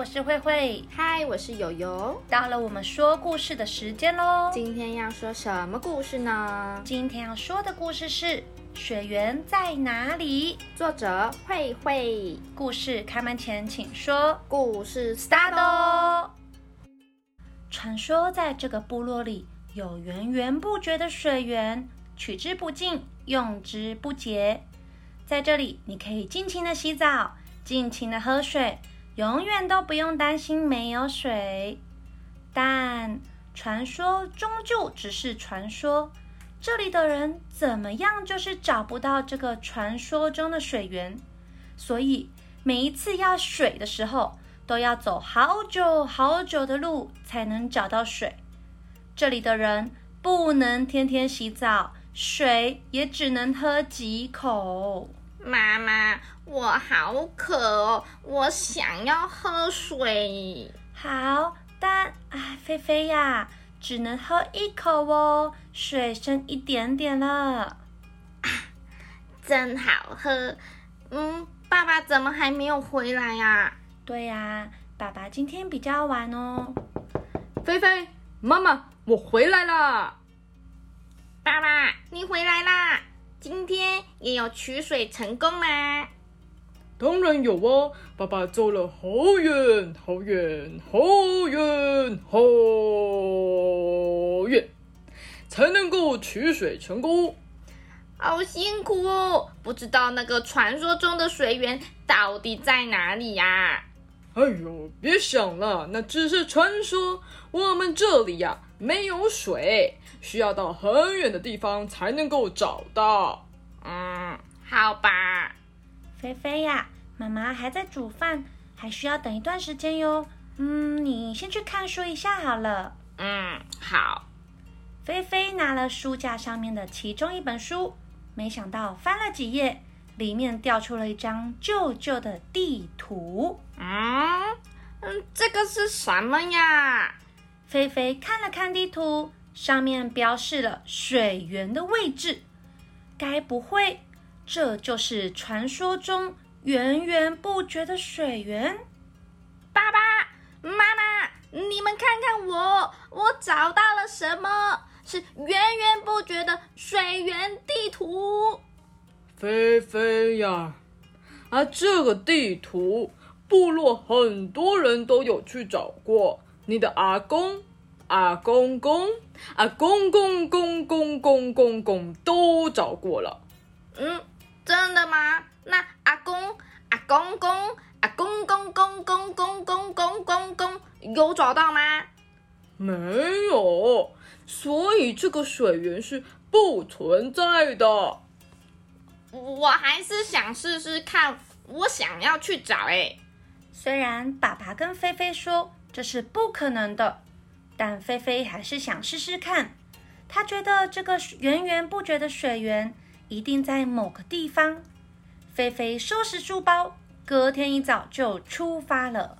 我是卉卉，嗨，我是友友。到了我們說故事的時間嘍！今天要說什麼故事呢？今天要說的故事是《水源在哪裡》。作者：卉卉。故事開門前請說，故事 start 哦！傳說在這個部落裡有源源不絕的水源，取之不盡，用之不竭。在這裡，你可以盡情的洗澡，盡情的喝水。永遠都不用擔心沒有水，但傳說終究只是傳說。這裡的人怎麼樣，就是找不到這個傳說中的水源，所以每一次要水的時候，都要走好久好久的路才能找到水。這裡的人不能天天洗澡，水也只能喝幾口。媽媽，我好渴哦，我想要喝水！好，但、哎、菲菲呀、啊，只能喝一口哦，水剩一點點了、啊。真好喝，嗯。爸爸怎麼還沒有回來呀、啊？對呀、啊，爸爸今天比較晚哦。菲菲，媽媽，我回來了。爸爸，你回來啦。今天也有取水成功嗎？當然有哦、啊！爸爸走了好遠、好遠、好遠、好遠，才能夠取水成功。好辛苦哦！不知道那個傳說中的水源到底在哪裡呀、啊？哎呦，別想了，那只是傳說。我們這裡呀、啊，沒有水，需要到很遠的地方才能夠找到。嗯，好吧。菲菲呀，媽媽還在煮飯，還需要等一段時間喲。嗯，你先去看書一下好了。嗯，好。菲菲拿了書架上面的其中一本書，沒想到翻了幾頁。裡面掉出了一張舊舊的地圖。嗯,這個是什麼呀？菲菲看了看地圖，上面標示了水源的位置。該不會這就是傳說中源源不絕的水源？爸爸媽媽，你們看看我，我找到了什麼？是源源不絕的水源地圖。飛飛呀，啊，這個地圖部落很多人都有去找過，你的阿公、阿公公、阿公公公公公公公公公都找過了。嗯，真的嗎？那阿公、阿公公、阿公公、阿公公公公公公公公公公有找到嗎？沒有，所以這個水源是不存在的。我還是想試試看，我想要去找哎、欸。雖然爸爸跟菲菲說這是不可能的，但菲菲還是想試試看。她覺得這個源源不絕的水源一定在某個地方。菲菲收拾書包，隔天一早就出發了。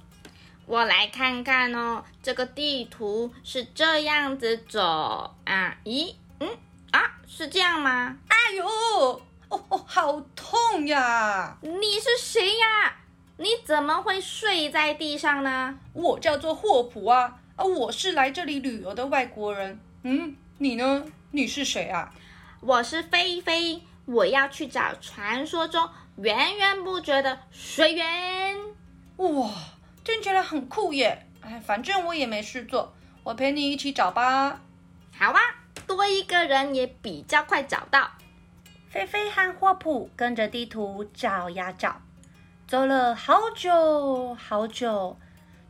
我來看看哦，這個地圖是這樣子走啊？咦？嗯？啊？是這樣嗎？哎呦！哦哦，好痛呀！你是誰呀？你怎麼會睡在地上呢？我叫做霍普啊，啊，我是來這裡旅游的外國人。嗯，你呢？你是誰啊？我是菲菲，我要去找傳說中源源不絕的水源。哇，聽起來很酷耶！哎，反正我也沒事做，我陪你一起找吧。好哇，多一個人也比較快找到。菲菲和霍普跟着地圖找呀找，走了好久好久，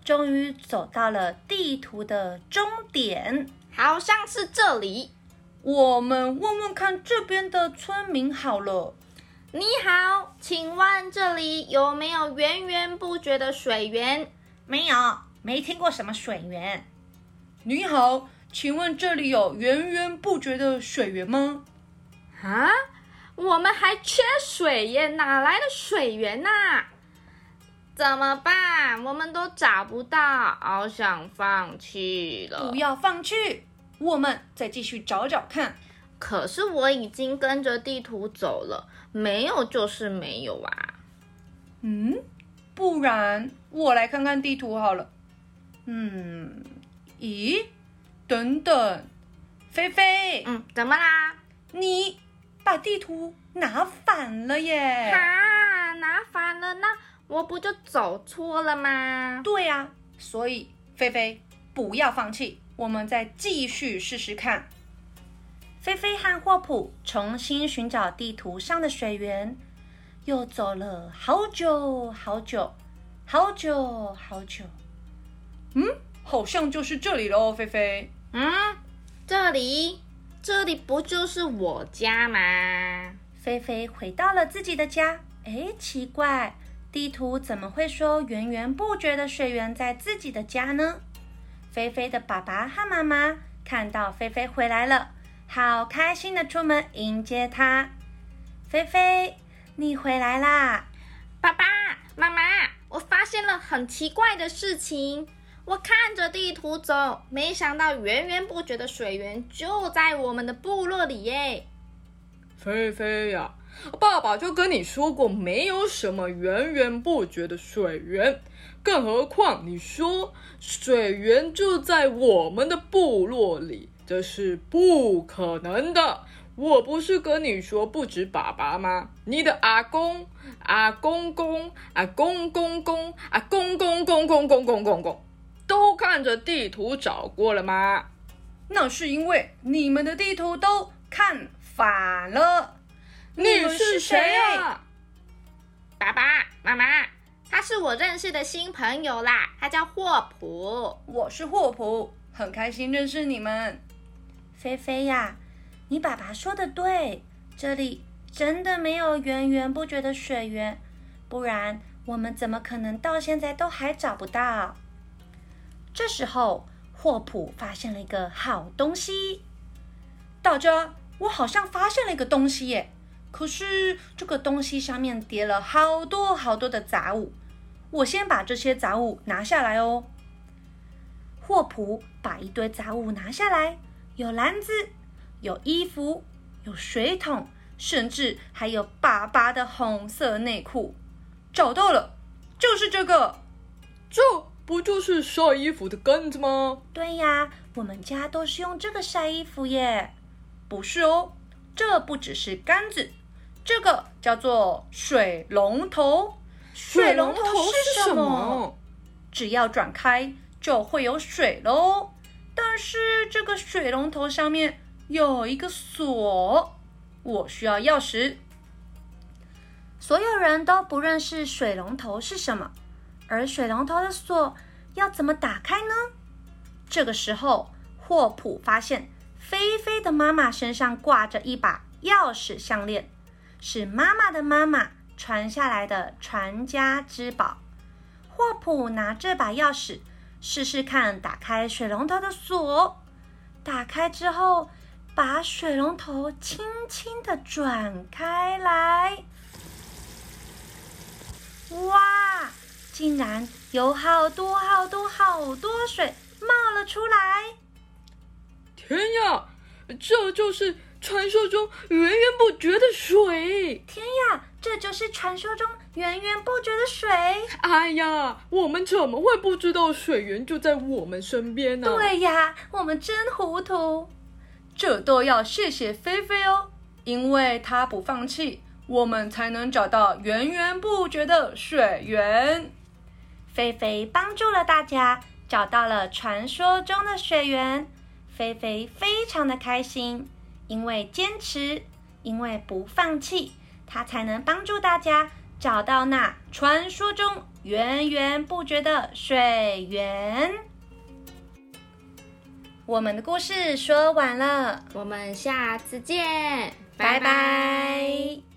終於走到了地圖的終點，好像是這裡。我們問問看這邊的村民好了。你好，請問這裡有沒有源源不絕的水源？沒有，沒聽過什麼水源。你好，請問這裡有源源不絕的水源嗎？啊？我們還缺水耶，哪來的水源吶、啊？怎麼辦？我們都找不到，好想放棄了。不要放棄，我們再繼續找找看。可是我已經跟着地圖走了，沒有就是沒有啊。嗯，不然我來看看地圖好了。嗯，咦？等等，菲菲。嗯，怎麼啦？你？把地圖拿反了耶！哈，拿反了，那我不就走錯了嗎？對呀，啊，所以菲菲不要放棄，我們再繼續試試看。菲菲和霍普重新尋找地圖上的水源，又走了好久好久好久好久。嗯，好像就是這裡了哦，菲菲。嗯，這裡。這裡不就是我家嗎？菲菲回到了自己的家。哎，奇怪，地圖怎麼會說源源不絕的水源在自己的家呢？菲菲的爸爸和媽媽看到菲菲回來了，好開心的出門迎接她。菲菲，你回來啦！爸爸、媽媽，我發現了很奇怪的事情。我看着地圖走，沒想到源源不絕的水源就在我們的部落裡耶。菲菲呀，爸爸就跟你說過，沒有什麼源源不絕的水源，更何況你說水源就在我們的部落裡，這是不可能的。我不是跟你說不止爸爸嗎？你的阿公、阿公公、阿公公公、阿公公公公公公公，公，公，公，公，公，公。都看着地圖找過了嗎？那是因為你們的地圖都看反了。你們是誰啊？爸爸媽媽，他是我認識的新朋友啦，他叫霍普。我是霍普，很開心認識你們。菲菲呀，你爸爸說的對，這裡真的沒有源源不絕的水源，不然我們怎麼可能到現在都還找不到？這時候，霍普發現了一個好東西。到這，我好像發現了一個東西耶！可是這個東西上面疊了好多好多的雜物，我先把這些雜物拿下來哦。霍普把一堆雜物拿下來，有籃子，有衣服，有水桶，甚至還有爸爸的紅色內褲。找到了，就是這個，不就是曬衣服的桿子嗎？對呀，我們家都是用這個曬衣服耶。不是哦，這不只是桿子，這個叫做水龍頭。水龍頭是什麼？什麼只要轉開就會有水嘍。但是這個水龍頭上面有一個鎖，我需要鑰匙。所有人都不認識水龍頭是什麼。而水龍頭的鎖要怎麼打開呢？這個時候，霍普發現菲菲的媽媽身上掛着一把鑰匙項鏈是媽媽的媽媽傳下來的傳家之寶。霍普拿這把鑰匙試試看打開水龍頭的鎖，打開之後把水龍頭輕輕地轉開來。哇！竟然有好多好多好多水冒了出來！天呀，這就是傳說中源源不絕的水！天呀，這就是傳說中源源不絕的水！哎呀，我們怎麼會不知道水源就在我們身邊呢、啊？對呀，我們真糊塗！這都要謝謝菲菲哦，因為她不放棄，我們才能找到源源不絕的水源。菲菲幫助了大家，找到了傳說中的水源。菲菲非常的開心，因為堅持，因為不放棄，她才能幫助大家找到那傳說中源源不絕的水源。我們的故事說完了，我們下次見，拜拜。拜拜